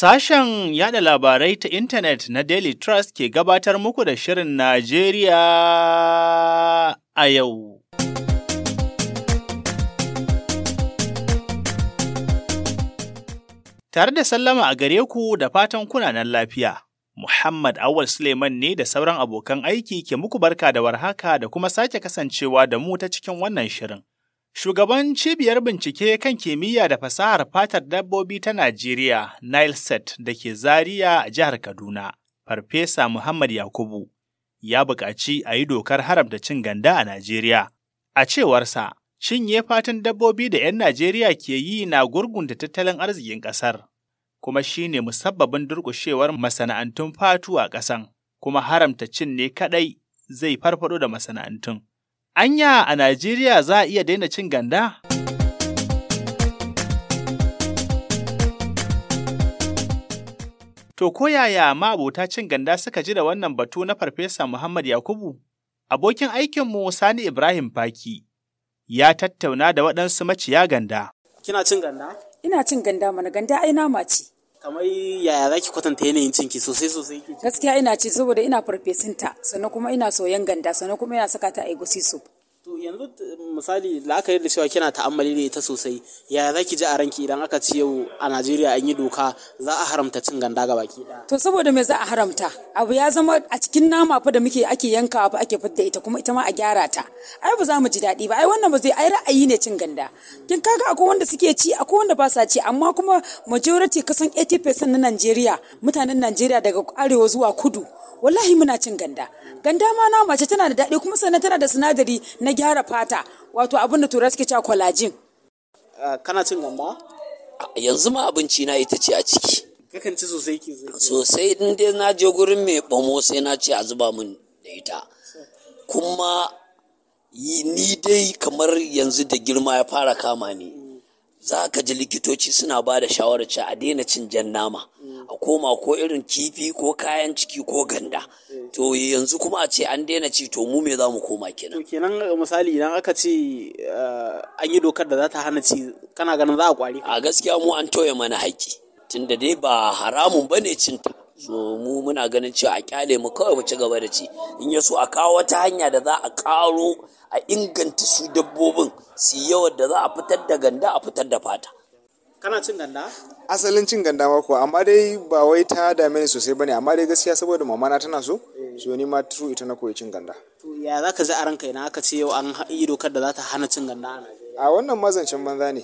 Sashen yada labarai ta intanet na Daily Trust ke gabatar muku da Shirin Najeriya a yau. Tare da sallama a gare ku da fatan kunanan lafiya, Muhammad Awal Suleiman ne da sauran abokan aiki ke muku barka da warhaka da kuma sake kasancewa da mu ta cikin wannan shirin. Shugaban cibiyar bincike kan kimiyya da fasahar fatar dabbobi ta Najeriya, Nileset da ke Zariya, a jihar Kaduna, Farfesa Muhammad Yakubu, ya buƙaci a yi dokar haramta cin ganda a Najeriya. A cewarsa, cinye fatan dabbobi da 'yan Najeriya ke yi na gurgunta tattalin arzikin ƙasar, kuma shi ne musabbabin durƙushewar masana'antun fatu a ƙasan, kuma haramta cin ne kaɗai zai farfaɗo da masana'antun. Anya a Najeriya za a iya daina cin ganda? To ko yaya ma'abota cin ganda suka ji da wannan batu na Farfesa Muhammad Yakubu? Abokin aikinmu Sani Ibrahim Faki ya tattauna da waɗansu maciya ganda. Kina cin ganda? Ina cin ganda mana ganda ai nama ce. kamar yaya za ki kwatanta yanayin cinki sosai sosai gaskiya ina ci saboda ina farfesinta sannan kuma ina soyan ganda sannan kuma ina saka ta a egusi soup to yanzu misali la'akari da cewa kina ta'ammali ne ita sosai yaya ki ji a ranki idan aka ce yau a Najeriya an yi doka za a haramta cin ganda ga baki to saboda me za a haramta abu ya zama a cikin nama fa da muke ake yankawa fa ake fitta ita kuma ita ma a gyara ta ai ba za mu ji daɗi ba ai wannan ba zai ai ra'ayi ne cin ganda kin kaga akwai wanda suke ci akwai wanda ba sa ci amma kuma majority kasan 80% na Najeriya mutanen Najeriya daga arewa zuwa kudu wallahi muna cin ganda ganda ma nama ce tana da daɗi kuma sannan tana da sinadari na gyara fata wato abinda tura suke cewa kwalajin ah, kana cin gamba yanzu ma abinci na ita ce a ciki kakan ci sosai ki sosai in dai na je gurin mai bamo sai na ce a zuba mun da ita kuma ni dai kamar yanzu da girma ya fara kama ni za ka ji likitoci suna ba da shawarar cewa a daina cin jan nama a koma ko irin kifi ko kayan ciki ko ganda eh. to yanzu kuma a ce an daina ci to mu me za mu koma kenan to kenan eh, misali idan aka ce eh, an yi dokar da za ta hana ci kana ganin za a kwari a gaskiya mu an toye mana haƙƙi tunda dai ba haramun ba ne cinta so mu muna ganin cewa a kyale mu kawai mu ci gaba da ci in ya so a kawo wata hanya da za a karo a inganta su dabbobin su yawan da za a fitar da ganda a fitar da fata kana cin ganda asalin cin ganda ma kuwa amma dai ba wai ta dame ni sosai bane amma dai gaskiya saboda mamana tana so so ni ma tru ita na koyi cin ganda to ya zaka ji a ranka ina aka ce yau an yi dokar da za ta hana cin ganda a wannan mazancin banza ne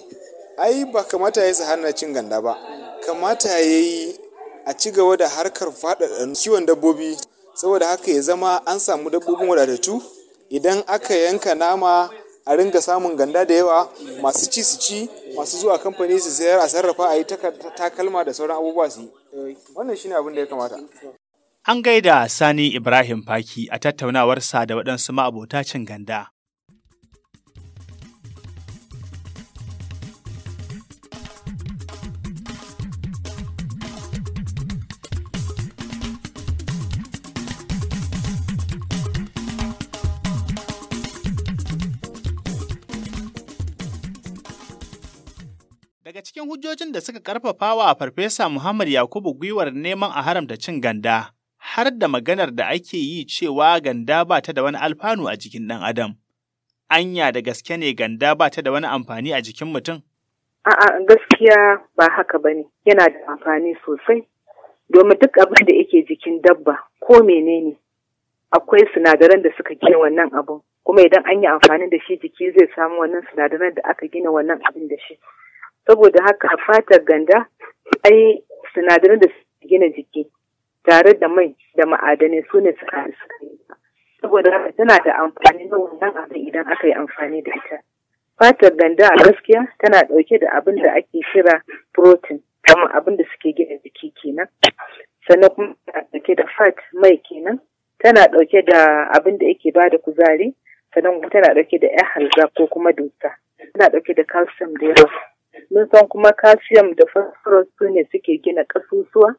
ai ba kamata ya yi su hana cin ganda ba kamata ya yi a ci gaba da harkar faɗaɗa kiwon dabbobi saboda haka ya zama an samu dabbobin wadatattu idan aka yanka nama a ringa samun ganda da yawa masu ci su ci masu zuwa kamfani su sayar a sarrafa a yi takalma da sauran abubuwa su yi wannan shine abin da ya kamata an gaida sani ibrahim faki a tattaunawarsa da waɗansu ma'abota cin ganda Daga cikin hujjojin da suka karfafa wa Farfesa Muhammad Yakubu gwiwar neman a haramta cin ganda, har da maganar da ake yi cewa ganda ba ta da wani alfanu a jikin ɗan Adam. Anya da gaske ne ganda ba ta da wani amfani a jikin mutum? A'a gaskiya ba haka ba ne, yana da amfani sosai. Domin duk abin da yake jikin dabba ko menene akwai sinadaran da suka gina wannan abun, kuma idan an yi amfani da shi jiki zai samu wannan sinadaran da aka gina wannan abin da shi. saboda haka a fatar ganda ai sinadaran da su gina jiki tare da mai da ma'adanai su ne suka saboda haka tana da amfani na wannan abin idan aka yi amfani da ita fatar ganda a gaskiya tana dauke da abin da ake kira protein kama abin da suke gina jiki kenan sannan kuma tana dauke da fat mai kenan tana dauke da abin da yake ba da kuzari sannan kuma tana dauke da 'yan halza ko kuma dusa tana dauke da calcium da yawa mun san kuma calcium da phosphorus su ne suke gina ƙasusuwa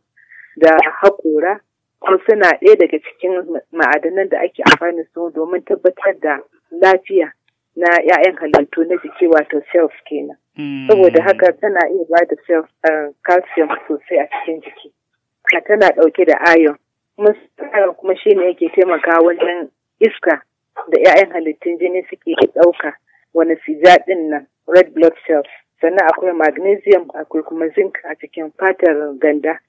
da haƙora kuma suna ɗaya daga cikin ma'adanan da ake amfani su domin tabbatar da lafiya na 'ya'yan halittu na jiki wato cells kenan hmm. saboda haka tana iya ba da cells eh, calcium sosai a cikin jiki tana ɗauke da iron kuma kuma shine yake taimakawa wajen iska da 'ya'yan halittun jini suke ɗauka wani sijaɗin nan red blood cells sannan akwai magnesium akwai kuma zinc a cikin fatar ganda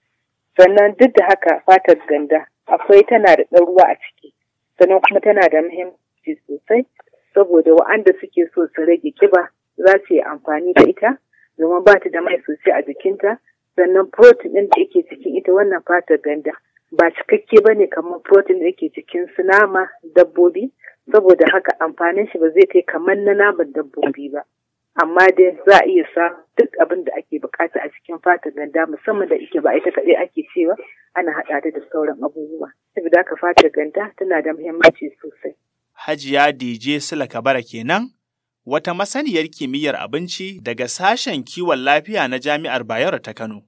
sannan duk da haka fatar ganda akwai tana da ɗan ruwa a ciki sannan kuma tana da muhimmanci sosai saboda wa'anda suke so su rage kiba za su yi amfani da ita domin ba ta da mai sosai a jikinta sannan protein ɗin da yake cikin ita wannan fatar ganda ba cikakke ba ne kamar protein da yake cikin su nama dabbobi saboda haka amfanin shi ba zai kai kamar na naman dabbobi ba. amma dai za a iya sa duk abin da ake bukata a cikin fatan ganda musamman da ike ba ita kaɗai ake cewa ana haɗa ta da sauran abubuwa saboda haka fatar ganda tana da muhimmanci sosai Hajiya DJ Sula Kabara kenan wata masaniyar kimiyyar abinci daga sashen kiwon lafiya na Jami'ar Bayero ta Kano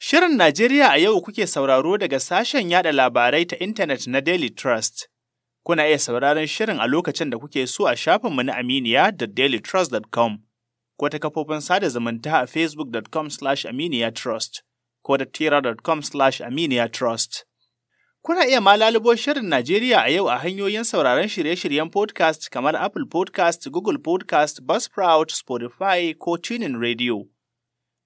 Shirin Najeriya a yau kuke sauraro daga sashen yada labarai ta intanet na Daily Trust Kuna iya sauraron shirin a lokacin da kuke so a shafinmu na Aminiya da dailytrust.com ko ta kafofin sada zumunta a facebook.com slash aminiyatrust ko da tira.com slash aminiyatrust. Kuna iya ma lalubo shirin Najeriya a yau a hanyoyin sauraron shirye-shiryen podcast kamar Apple podcast, Google podcast, Buzzsprout, Spotify ko Tunin Radio.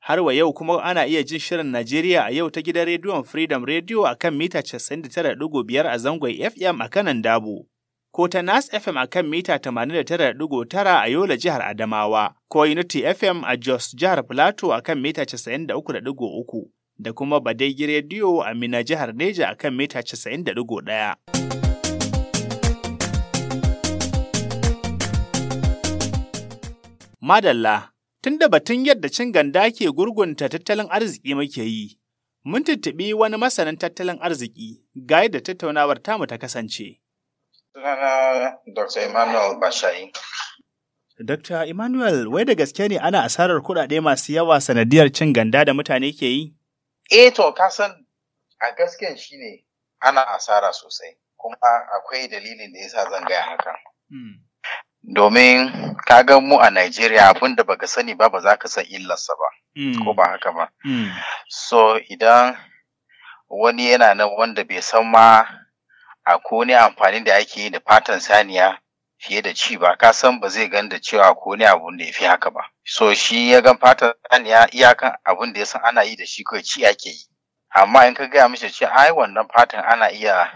Har wa yau kuma ana iya jin shirin Najeriya a yau ta gidan rediyon Freedom Radio a kan mita 99.5 a zangon FM a kanan Dabo. Ko ta Nas FM a kan mita 89.9 a Yola jihar Adamawa, ko Unity FM a Jos jihar Plateau a kan mita 93.3 da kuma Badegi Radio a Mina jihar Neja a kan mita 90.1. Madalla, Tun da batun yadda cin ganda ke gurgunta tattalin arziki muke yi, mun tuntuɓi wani masanin tattalin arziki ga yadda tattaunawar tamu ta kasance. Dr. Emmanuel Bashayi. Dr. Emmanuel, wai da gaske ne ana asarar kuɗaɗe masu yawa sanadiyar cin ganda da mutane ke yi? Eh to, kasan a gasken shi ne ana asara sosai, kuma akwai dalilin da yasa zan gaya hakan. Hmm. domin ka ga mu a Najeriya abin da baka sani ba ba za ka san illarsa ba hmm. ko ba haka ba hmm. so idan wani yana nan wanda bai san ma a ne amfani da ake yi da fatan saniya fiye da ci ba ka san ba zai gan da cewa ko ne abun da ya fi haka ba so shi ya gan fatan saniya iyakan abin da ya san ana yi da shi kawai ci ake yi amma in ka gaya mishi ce ai wannan fatan ana iya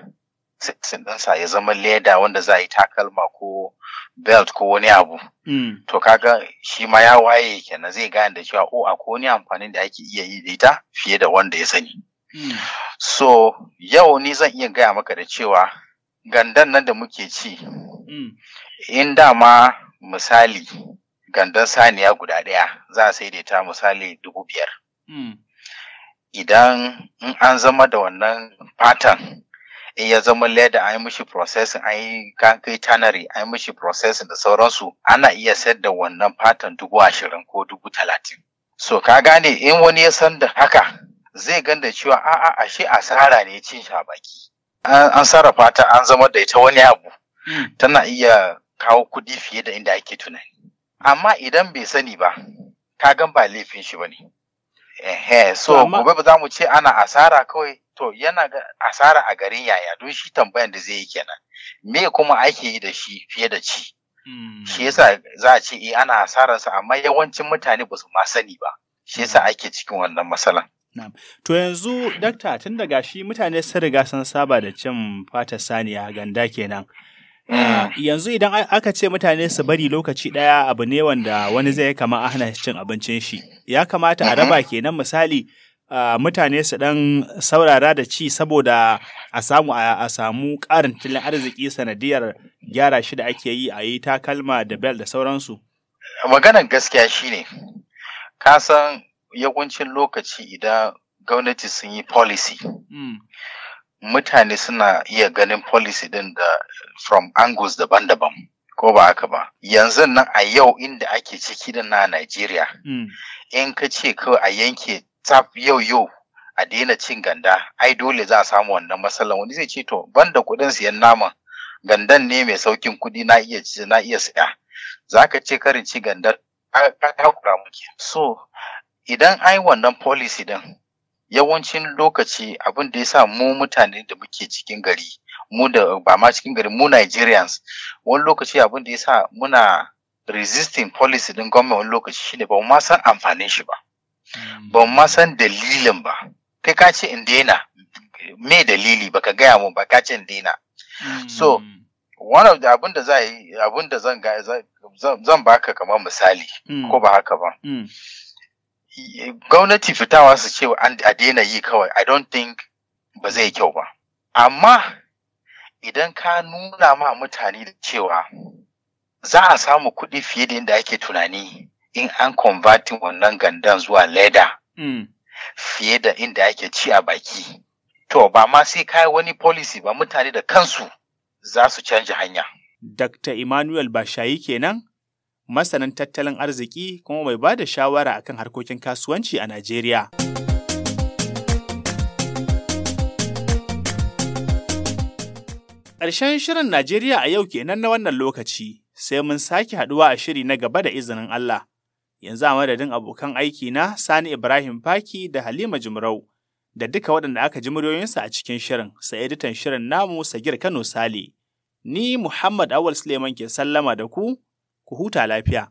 setting ɗinsa ya zama leda wanda za a yi takalma ko belt ko wani abu. Mm. To kaga shi ma ya waye kenan zai gane da cewa o oh, akwai wani amfanin da ake iya yi da ita fiye da wanda ya sani. Mm. So yau ni zan iya gaya maka da cewa gandan nan da muke ci mm. in dama misali gandan saniya guda ɗaya za a saidaita misali dubu biyar. Idan in an zama da wannan fatan in ya zama leda an yi mishi processing an yi kai tanari an yi mishi processing da sauransu ana iya sayar da wannan fatan dubu ashirin ko dubu talatin so ka gane in wani ya san da haka zai ganda cewa a'a ashe asara ne cin baki. an sarrafa ta an zama da ita wani abu hmm. tana iya kawo kudi fiye da inda ake tunani amma idan bai sani ba ka gan ba laifin shi ba ne so gobe ba za mu ce ana asara kawai to yana asara a garin yaya don shi tambayan da zai yi kenan me kuma ake yi da shi fiye da ci hmm. shi yasa za a ce eh ana asararsa amma yawancin mutane ba su ma sani ba shi yasa hmm. ake cikin wannan matsalan To yanzu dakta tun daga shi mutane sun riga sun saba da cin fata saniya ganda kenan. Hmm. Ah, yanzu idan aka ce mutane su bari lokaci ɗaya abu ne wanda wani zai kama a hana cin abincin shi. Ya kamata a mm-hmm. raba kenan misali mutane su ɗan saurara da ci saboda a samu a samu ƙarin tattalin arziki sanadiyar gyara shi da ake yi a yi takalma da bel da sauransu? Maganar gaskiya shine, ka san yawancin lokaci idan gwamnati sun yi policy. Mm. Mutane suna iya ganin policy din da from angles daban-daban. ko ba haka ba yanzu nan a yau inda ake ciki da na Najeriya mm. in ka ce kawai a yanke tsaf yau yau a daina cin ganda ai dole za a samu wannan matsalan wani zai ce to ban da kuɗin siyan naman gandan ne mai saukin kuɗi na iya na iya siya ka ce karin ci ganda ka takura muke so idan ai wannan policy din yawancin lokaci abin da ya sa mu mutane da muke cikin gari mu da ba ma cikin gari mu Nigerians wani lokaci abin da ya sa muna resisting policy din gwamnati wani lokaci shine ba mu ma san amfanin shi ba ban ma san dalilin ba kai ka ce in daina me dalili baka gaya mun ba ka ce in daina so hmm. one of the abin da za yi abin da zan zan baka kamar misali hmm. ko ba haka ba hmm. gwamnati fitawa su ce a daina yi kawai i don't think ba zai kyau ba amma idan ka nuna ma mutane da cewa za a samu kuɗi fiye da yadda ake tunani in an convertin wannan gandan zuwa leda Hmm. fiye da inda ake ci a baki. To ba ma sai kai wani policy ba mutane da kansu za su canja hanya. Dr. Emmanuel Bashayi kenan masanin tattalin arziki kuma mai ba da shawara akan harkokin kasuwanci a Najeriya. Ƙarshen shirin Najeriya a yau kenan na wannan lokaci, sai mun sake haɗuwa a shiri na gaba da izinin Allah. yanzu a madadin abokan aiki na Sani Ibrahim Faki da Halima Jumrau da duka waɗanda aka ji muryoyinsu a cikin shirin sai editan shirin namu Sagir Kano Sale. Ni Muhammad Awal Suleiman ke sallama da ku, ku huta lafiya.